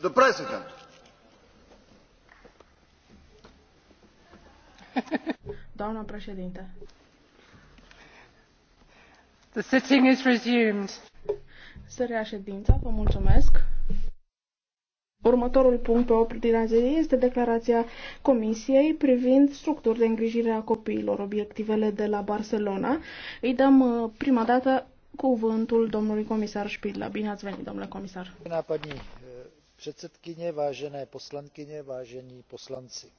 the president. Doamna președinte. The sitting is resumed. Se vă mulțumesc. Următorul punct pe ordinea zilei este declarația Comisiei privind structuri de îngrijire a copiilor, obiectivele de la Barcelona. Îi dăm uh, prima dată cuvântul domnului comisar Spidla. Bine ați venit, domnule comisar. Bine předsedkyně vážené poslankyně vážení poslanci.